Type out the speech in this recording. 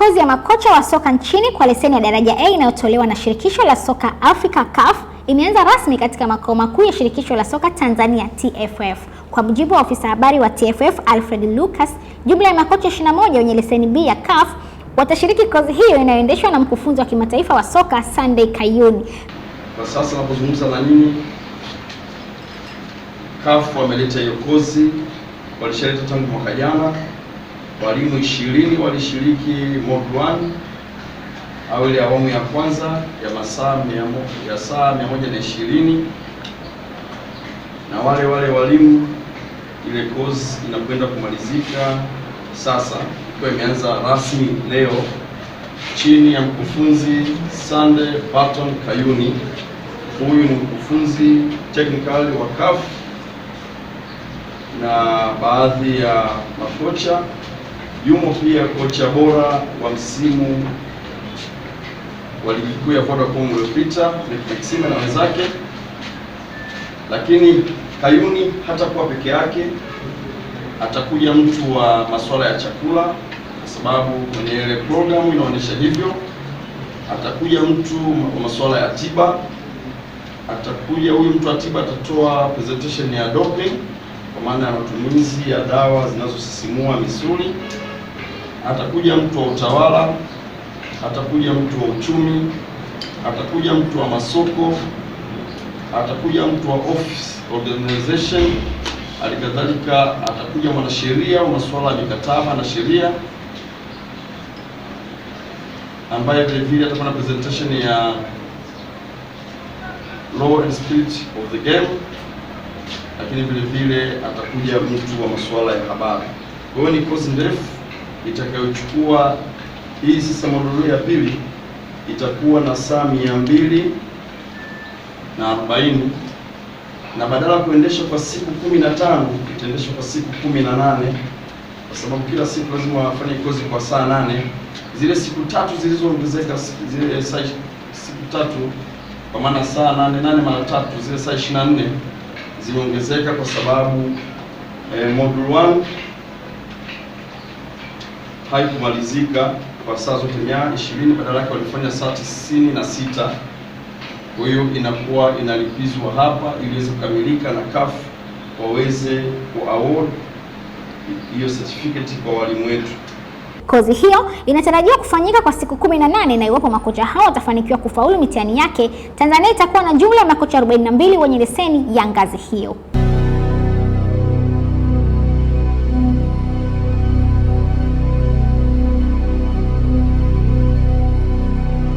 kozi ya makocha wa soka nchini kwa leseni ya daraja A inayotolewa na shirikisho la soka Afrika CAF imeanza rasmi katika makao makuu ya shirikisho la soka Tanzania TFF. Kwa mujibu wa ofisa habari wa TFF Alfred Lucas, jumla ya makocha 21 wenye leseni B ya CAF watashiriki kozi hiyo inayoendeshwa na mkufunzi wa kimataifa wa soka Sunday Kayuni. Kwa sasa napozungumza na nyinyi, CAF wameleta hiyo kozi, walishaleta tangu mwaka jana walimu ishirini walishiriki mock au ile awamu ya kwanza ya masaa ya saa mia moja na ishirini na wale wale walimu ile course inakwenda kumalizika sasa, ikiwa imeanza rasmi leo chini ya mkufunzi Sande Barton Kayuni. Huyu ni mkufunzi technical wa CAF na baadhi ya makocha yumo pia kocha bora wa msimu wa ligi kuu ya Vodacom uliopita Maxime na wenzake, lakini Kayuni hatakuwa peke yake, atakuja mtu wa masuala ya chakula, kwa sababu kwenye ile programu inaonyesha hivyo. Atakuja mtu wa masuala ya tiba, atakuja huyu mtu wa tiba, atatoa presentation ya doping, kwa maana ya matumizi ya dawa zinazosisimua misuli atakuja mtu wa utawala, atakuja mtu wa uchumi, atakuja mtu wa masoko, atakuja mtu wa office organization, alikadhalika atakuja mwanasheria wa masuala ya mikataba na sheria, ambaye vile vile atakuwa na presentation ya law and spirit of the game, lakini vile vile atakuja mtu wa masuala ya habari. Kwa hiyo ni course ndefu itakayochukua hii sasa moduli ya pili itakuwa na saa mia mbili na arobaini na badala ya kuendeshwa kwa siku kumi na tano itaendeshwa kwa siku kumi na nane kwa sababu kila siku lazima wafanye kozi kwa saa nane. Zile siku tatu zilizoongezeka zile saa siku tatu kwa maana saa nane nane mara tatu zile saa 24 zimeongezeka kwa sababu eh, module haikumalizika kwa saa zote mia ishirini, badala yake walifanya saa tisini na sita. Kwa hiyo inakuwa inalipizwa hapa ili iweze kukamilika na CAF waweze award hiyo certificate kwa walimu wetu. Kozi hiyo inatarajiwa kufanyika kwa siku 18 na iwapo makocha hao watafanikiwa kufaulu mitihani yake, Tanzania itakuwa na jumla ya makocha 42 wenye leseni ya ngazi hiyo.